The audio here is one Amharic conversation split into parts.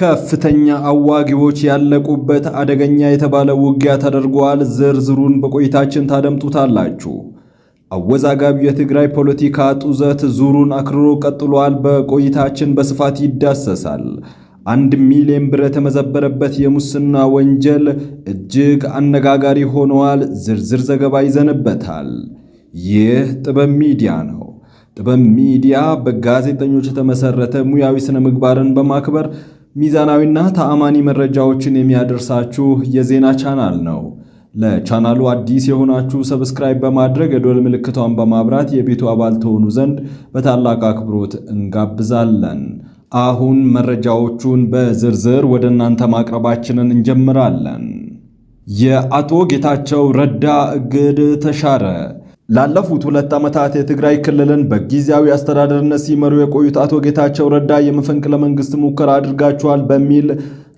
ከፍተኛ አዋጊዎች ያለቁበት አደገኛ የተባለ ውጊያ ተደርጓል። ዝርዝሩን በቆይታችን ታደምጡታላችሁ። አወዛጋቢ የትግራይ ፖለቲካ ጡዘት ዙሩን አክርሮ ቀጥሏል። በቆይታችን በስፋት ይዳሰሳል። አንድ ሚሊዮን ብር የተመዘበረበት የሙስና ወንጀል እጅግ አነጋጋሪ ሆነዋል ዝርዝር ዘገባ ይዘንበታል። ይህ ጥበብ ሚዲያ ነው። ጥበብ ሚዲያ በጋዜጠኞች የተመሰረተ ሙያዊ ስነ ምግባርን በማክበር ሚዛናዊና ተአማኒ መረጃዎችን የሚያደርሳችሁ የዜና ቻናል ነው። ለቻናሉ አዲስ የሆናችሁ ሰብስክራይብ በማድረግ የደወል ምልክቷን በማብራት የቤቱ አባል ትሆኑ ዘንድ በታላቅ አክብሮት እንጋብዛለን። አሁን መረጃዎቹን በዝርዝር ወደ እናንተ ማቅረባችንን እንጀምራለን። የአቶ ጌታቸው ረዳ እግድ ተሻረ። ላለፉት ሁለት ዓመታት የትግራይ ክልልን በጊዜያዊ አስተዳደርነት ሲመሩ የቆዩት አቶ ጌታቸው ረዳ የመፈንቅለ መንግስት ሙከራ አድርጋቸዋል በሚል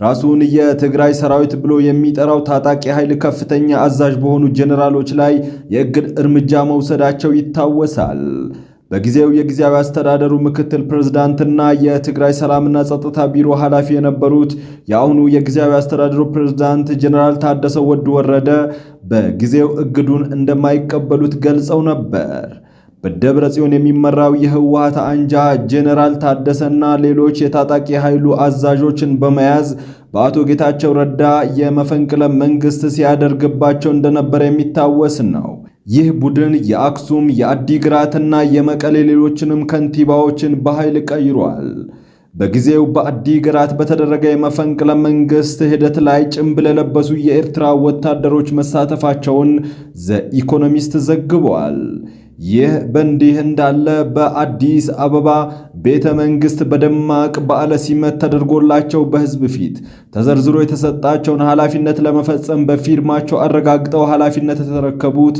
ራሱን የትግራይ ሰራዊት ብሎ የሚጠራው ታጣቂ ኃይል ከፍተኛ አዛዥ በሆኑ ጄኔራሎች ላይ የእግድ እርምጃ መውሰዳቸው ይታወሳል። በጊዜው የጊዜያዊ አስተዳደሩ ምክትል ፕሬዝዳንትና የትግራይ ሰላምና ጸጥታ ቢሮ ኃላፊ የነበሩት የአሁኑ የጊዜያዊ አስተዳደሩ ፕሬዝዳንት ጀኔራል ታደሰ ወድ ወረደ በጊዜው እግዱን እንደማይቀበሉት ገልጸው ነበር። በደብረ ጽዮን የሚመራው የህወሓት አንጃ ጀኔራል ታደሰና ሌሎች የታጣቂ ኃይሉ አዛዦችን በመያዝ በአቶ ጌታቸው ረዳ የመፈንቅለ መንግስት ሲያደርግባቸው እንደነበረ የሚታወስ ነው። ይህ ቡድን የአክሱም የአዲግራትና የመቀሌ ሌሎችንም ከንቲባዎችን በኃይል ቀይሯል። በጊዜው በአዲግራት በተደረገ የመፈንቅለ መንግሥት ሂደት ላይ ጭምብል የለበሱ የኤርትራ ወታደሮች መሳተፋቸውን ዘኢኮኖሚስት ዘግቧል። ይህ በእንዲህ እንዳለ በአዲስ አበባ ቤተ መንግሥት በደማቅ በዓለ ሲመት ተደርጎላቸው በሕዝብ ፊት ተዘርዝሮ የተሰጣቸውን ኃላፊነት ለመፈጸም በፊርማቸው አረጋግጠው ኃላፊነት የተረከቡት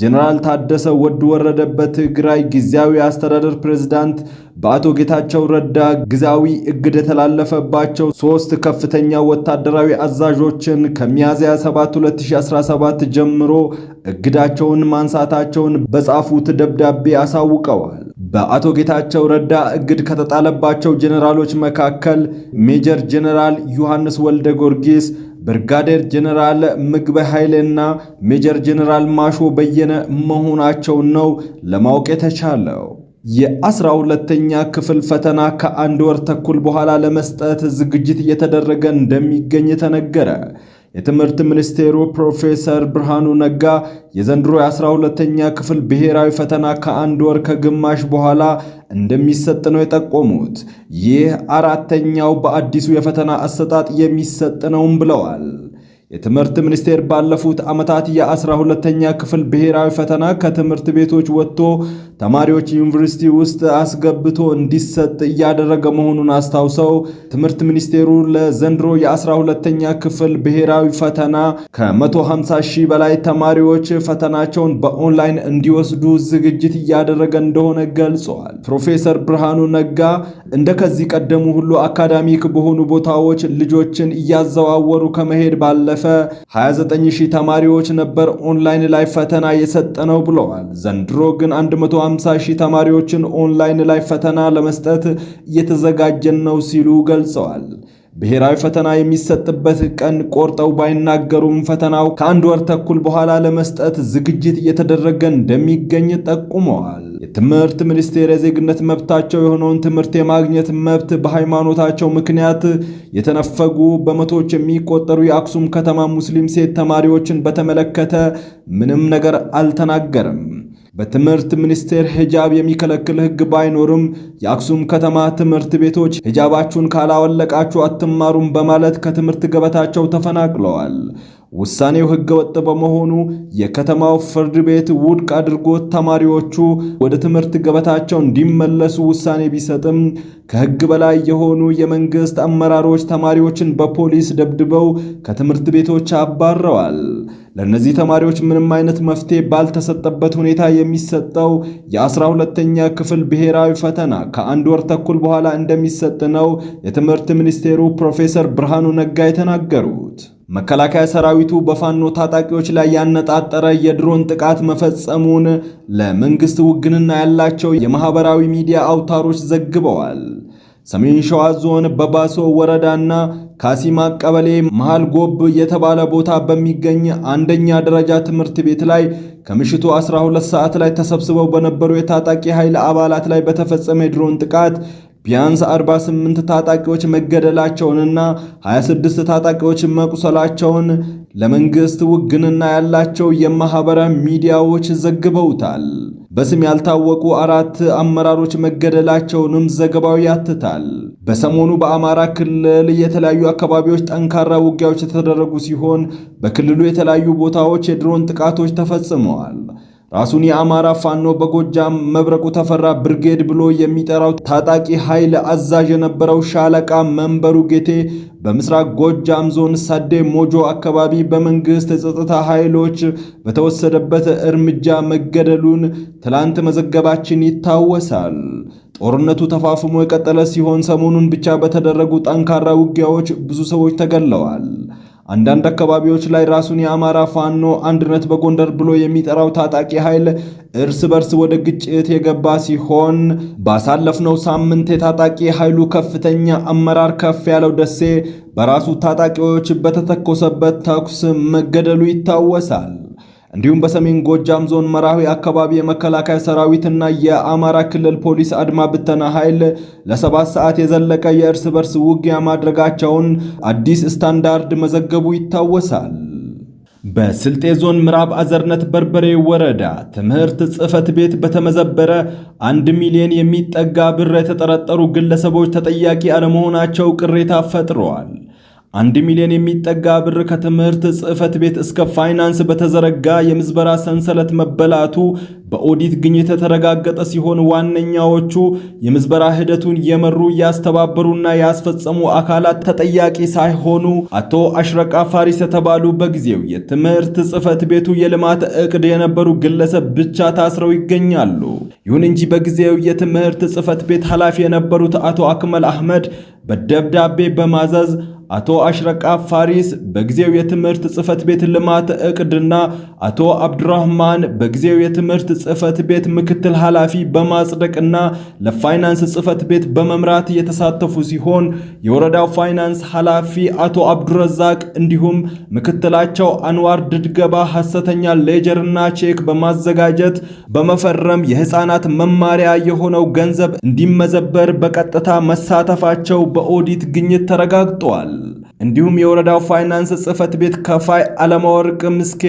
ጀነራል ታደሰ ወድ ወረደበት ትግራይ ጊዜያዊ አስተዳደር ፕሬዝዳንት በአቶ ጌታቸው ረዳ ግዛዊ እግድ የተላለፈባቸው ሶስት ከፍተኛ ወታደራዊ አዛዦችን ከሚያዝያ 7 2017 ጀምሮ እግዳቸውን ማንሳታቸውን በጻፉት ደብዳቤ አሳውቀዋል። በአቶ ጌታቸው ረዳ እግድ ከተጣለባቸው ጀኔራሎች መካከል ሜጀር ጀነራል ዮሐንስ ወልደ ጊዮርጊስ ብርጋዴር ጀነራል ምግበ ኃይሌና ሜጀር ጀነራል ማሾ በየነ መሆናቸውን ነው ለማወቅ የተቻለው። የአስራ ሁለተኛ ክፍል ፈተና ከአንድ ወር ተኩል በኋላ ለመስጠት ዝግጅት እየተደረገ እንደሚገኝ ተነገረ። የትምህርት ሚኒስቴሩ ፕሮፌሰር ብርሃኑ ነጋ የዘንድሮ 12 ሁለተኛ ክፍል ብሔራዊ ፈተና ከአንድ ወር ከግማሽ በኋላ እንደሚሰጥ ነው የጠቆሙት። ይህ አራተኛው በአዲሱ የፈተና አሰጣጥ የሚሰጥ ነውም ብለዋል። የትምህርት ሚኒስቴር ባለፉት ዓመታት የአስራ ሁለተኛ ክፍል ብሔራዊ ፈተና ከትምህርት ቤቶች ወጥቶ ተማሪዎች ዩኒቨርሲቲ ውስጥ አስገብቶ እንዲሰጥ እያደረገ መሆኑን አስታውሰው ትምህርት ሚኒስቴሩ ለዘንድሮ የአስራ ሁለተኛ ክፍል ብሔራዊ ፈተና ከ150 ሺህ በላይ ተማሪዎች ፈተናቸውን በኦንላይን እንዲወስዱ ዝግጅት እያደረገ እንደሆነ ገልጸዋል። ፕሮፌሰር ብርሃኑ ነጋ እንደ ከዚህ ቀደሙ ሁሉ አካዳሚክ በሆኑ ቦታዎች ልጆችን እያዘዋወሩ ከመሄድ ባለ ያለፈ 29000 ተማሪዎች ነበር ኦንላይን ላይ ፈተና ነው ብለዋል። ዘንድሮ ግን 150000 ተማሪዎችን ኦንላይን ላይ ፈተና ለመስጠት እየተዘጋጀን ነው ሲሉ ገልጸዋል። ብሔራዊ ፈተና የሚሰጥበት ቀን ቆርጠው ባይናገሩም ፈተናው ከአንድ ወር ተኩል በኋላ ለመስጠት ዝግጅት እየተደረገ እንደሚገኝ ጠቁመዋል። የትምህርት ሚኒስቴር የዜግነት መብታቸው የሆነውን ትምህርት የማግኘት መብት በሃይማኖታቸው ምክንያት የተነፈጉ በመቶዎች የሚቆጠሩ የአክሱም ከተማ ሙስሊም ሴት ተማሪዎችን በተመለከተ ምንም ነገር አልተናገረም። በትምህርት ሚኒስቴር ሂጃብ የሚከለክል ሕግ ባይኖርም የአክሱም ከተማ ትምህርት ቤቶች ሂጃባችሁን ካላወለቃችሁ አትማሩም በማለት ከትምህርት ገበታቸው ተፈናቅለዋል። ውሳኔው ወጥ በመሆኑ የከተማው ፍርድ ቤት ውድቅ አድርጎት ተማሪዎቹ ወደ ትምህርት ገበታቸው እንዲመለሱ ውሳኔ ቢሰጥም ከሕግ በላይ የሆኑ የመንግሥት አመራሮች ተማሪዎችን በፖሊስ ደብድበው ከትምህርት ቤቶች አባረዋል። ለእነዚህ ተማሪዎች ምንም አይነት መፍትሄ ባልተሰጠበት ሁኔታ የሚሰጠው የአስራ ሁለተኛ ክፍል ብሔራዊ ፈተና ከአንድ ወር ተኩል በኋላ እንደሚሰጥ ነው የትምህርት ሚኒስቴሩ ፕሮፌሰር ብርሃኑ ነጋ የተናገሩት። መከላከያ ሰራዊቱ በፋኖ ታጣቂዎች ላይ ያነጣጠረ የድሮን ጥቃት መፈጸሙን ለመንግስት ውግንና ያላቸው የማህበራዊ ሚዲያ አውታሮች ዘግበዋል። ሰሜን ሸዋ ዞን በባሶ ወረዳና ካሲማ ቀበሌ መሃል ጎብ የተባለ ቦታ በሚገኝ አንደኛ ደረጃ ትምህርት ቤት ላይ ከምሽቱ 12 ሰዓት ላይ ተሰብስበው በነበሩ የታጣቂ ኃይል አባላት ላይ በተፈጸመ የድሮን ጥቃት ቢያንስ 48 ታጣቂዎች መገደላቸውንና 26 ታጣቂዎች መቁሰላቸውን ለመንግሥት ውግንና ያላቸው የማህበረ ሚዲያዎች ዘግበውታል። በስም ያልታወቁ አራት አመራሮች መገደላቸውንም ዘገባው ያትታል። በሰሞኑ በአማራ ክልል የተለያዩ አካባቢዎች ጠንካራ ውጊያዎች የተደረጉ ሲሆን በክልሉ የተለያዩ ቦታዎች የድሮን ጥቃቶች ተፈጽመዋል። ራሱን የአማራ ፋኖ በጎጃም መብረቁ ተፈራ ብርጌድ ብሎ የሚጠራው ታጣቂ ኃይል አዛዥ የነበረው ሻለቃ መንበሩ ጌቴ በምስራቅ ጎጃም ዞን ሳዴ ሞጆ አካባቢ በመንግስት የጸጥታ ኃይሎች በተወሰደበት እርምጃ መገደሉን ትላንት መዘገባችን ይታወሳል። ጦርነቱ ተፋፍሞ የቀጠለ ሲሆን ሰሞኑን ብቻ በተደረጉ ጠንካራ ውጊያዎች ብዙ ሰዎች ተገድለዋል። አንዳንድ አካባቢዎች ላይ ራሱን የአማራ ፋኖ አንድነት በጎንደር ብሎ የሚጠራው ታጣቂ ኃይል እርስ በርስ ወደ ግጭት የገባ ሲሆን ባሳለፍነው ሳምንት የታጣቂ ኃይሉ ከፍተኛ አመራር ከፍ ያለው ደሴ በራሱ ታጣቂዎች በተተኮሰበት ተኩስ መገደሉ ይታወሳል። እንዲሁም በሰሜን ጎጃም ዞን መራዊ አካባቢ የመከላከያ ሰራዊትና የአማራ ክልል ፖሊስ አድማ ብተና ኃይል ለሰባት ሰዓት የዘለቀ የእርስ በርስ ውጊያ ማድረጋቸውን አዲስ ስታንዳርድ መዘገቡ ይታወሳል። በስልጤ ዞን ምዕራብ አዘርነት በርበሬ ወረዳ ትምህርት ጽህፈት ቤት በተመዘበረ አንድ ሚሊዮን የሚጠጋ ብር የተጠረጠሩ ግለሰቦች ተጠያቂ አለመሆናቸው ቅሬታ ፈጥረዋል። አንድ ሚሊዮን የሚጠጋ ብር ከትምህርት ጽህፈት ቤት እስከ ፋይናንስ በተዘረጋ የምዝበራ ሰንሰለት መበላቱ በኦዲት ግኝት የተረጋገጠ ሲሆን ዋነኛዎቹ የምዝበራ ሂደቱን የመሩ ያስተባበሩና ያስፈጸሙ አካላት ተጠያቂ ሳይሆኑ አቶ አሽረቃ ፋሪስ የተባሉ በጊዜው የትምህርት ጽህፈት ቤቱ የልማት እቅድ የነበሩ ግለሰብ ብቻ ታስረው ይገኛሉ። ይሁን እንጂ በጊዜው የትምህርት ጽህፈት ቤት ኃላፊ የነበሩት አቶ አክመል አህመድ በደብዳቤ በማዘዝ አቶ አሽረቃ ፋሪስ በጊዜው የትምህርት ጽህፈት ቤት ልማት እቅድና አቶ አብዱራህማን በጊዜው የትምህርት ጽፈት ቤት ምክትል ኃላፊ በማጽደቅና ለፋይናንስ ጽህፈት ቤት በመምራት የተሳተፉ ሲሆን የወረዳው ፋይናንስ ኃላፊ አቶ አብዱረዛቅ እንዲሁም ምክትላቸው አንዋር ድድገባ ሐሰተኛ ሌጀርና ቼክ በማዘጋጀት በመፈረም የሕፃናት መማሪያ የሆነው ገንዘብ እንዲመዘበር በቀጥታ መሳተፋቸው በኦዲት ግኝት ተረጋግጧል። እንዲሁም የወረዳው ፋይናንስ ጽህፈት ቤት ከፋይ አለማወርቅ ምስኬ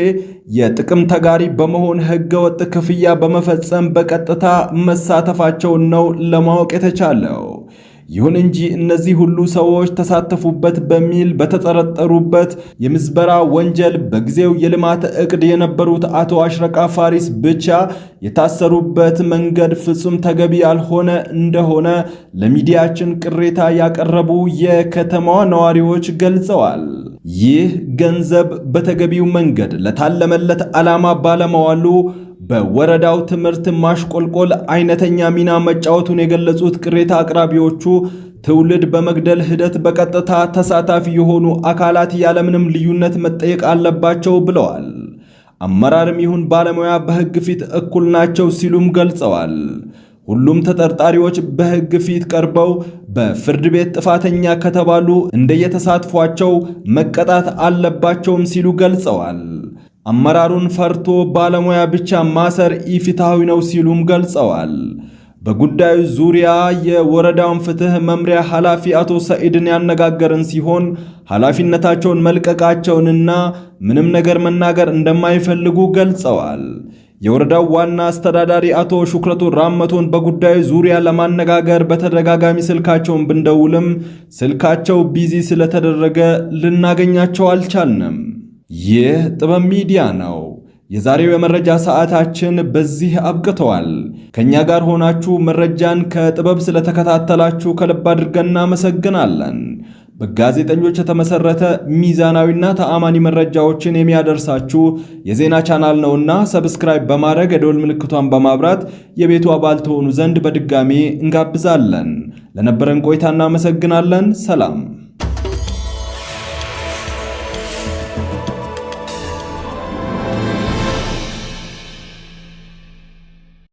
የጥቅም ተጋሪ በመሆን ህገወጥ ክፍያ በመፈጸም በቀጥታ መሳተፋቸውን ነው ለማወቅ የተቻለው። ይሁን እንጂ እነዚህ ሁሉ ሰዎች ተሳተፉበት በሚል በተጠረጠሩበት የምዝበራ ወንጀል በጊዜው የልማት እቅድ የነበሩት አቶ አሽረቃ ፋሪስ ብቻ የታሰሩበት መንገድ ፍጹም ተገቢ ያልሆነ እንደሆነ ለሚዲያችን ቅሬታ ያቀረቡ የከተማዋ ነዋሪዎች ገልጸዋል። ይህ ገንዘብ በተገቢው መንገድ ለታለመለት ዓላማ ባለመዋሉ በወረዳው ትምህርት ማሽቆልቆል አይነተኛ ሚና መጫወቱን የገለጹት ቅሬታ አቅራቢዎቹ ትውልድ በመግደል ሂደት በቀጥታ ተሳታፊ የሆኑ አካላት ያለምንም ልዩነት መጠየቅ አለባቸው ብለዋል። አመራርም ይሁን ባለሙያ በሕግ ፊት እኩል ናቸው ሲሉም ገልጸዋል። ሁሉም ተጠርጣሪዎች በሕግ ፊት ቀርበው በፍርድ ቤት ጥፋተኛ ከተባሉ እንደየተሳትፏቸው መቀጣት አለባቸውም ሲሉ ገልጸዋል። አመራሩን ፈርቶ ባለሙያ ብቻ ማሰር ኢፍትሐዊ ነው ሲሉም ገልጸዋል። በጉዳዩ ዙሪያ የወረዳውን ፍትህ መምሪያ ኃላፊ አቶ ሰኢድን ያነጋገርን ሲሆን ኃላፊነታቸውን መልቀቃቸውንና ምንም ነገር መናገር እንደማይፈልጉ ገልጸዋል። የወረዳው ዋና አስተዳዳሪ አቶ ሹክረቱ ራመቶን በጉዳዩ ዙሪያ ለማነጋገር በተደጋጋሚ ስልካቸውን ብንደውልም ስልካቸው ቢዚ ስለተደረገ ልናገኛቸው አልቻልንም። ይህ ጥበብ ሚዲያ ነው። የዛሬው የመረጃ ሰዓታችን በዚህ አብቅተዋል። ከእኛ ጋር ሆናችሁ መረጃን ከጥበብ ስለተከታተላችሁ ከልብ አድርገን እናመሰግናለን። በጋዜጠኞች የተመሰረተ ሚዛናዊና ተአማኒ መረጃዎችን የሚያደርሳችሁ የዜና ቻናል ነውና ሰብስክራይብ በማድረግ የደወል ምልክቷን በማብራት የቤቱ አባል ትሆኑ ዘንድ በድጋሜ እንጋብዛለን። ለነበረን ቆይታ እናመሰግናለን። ሰላም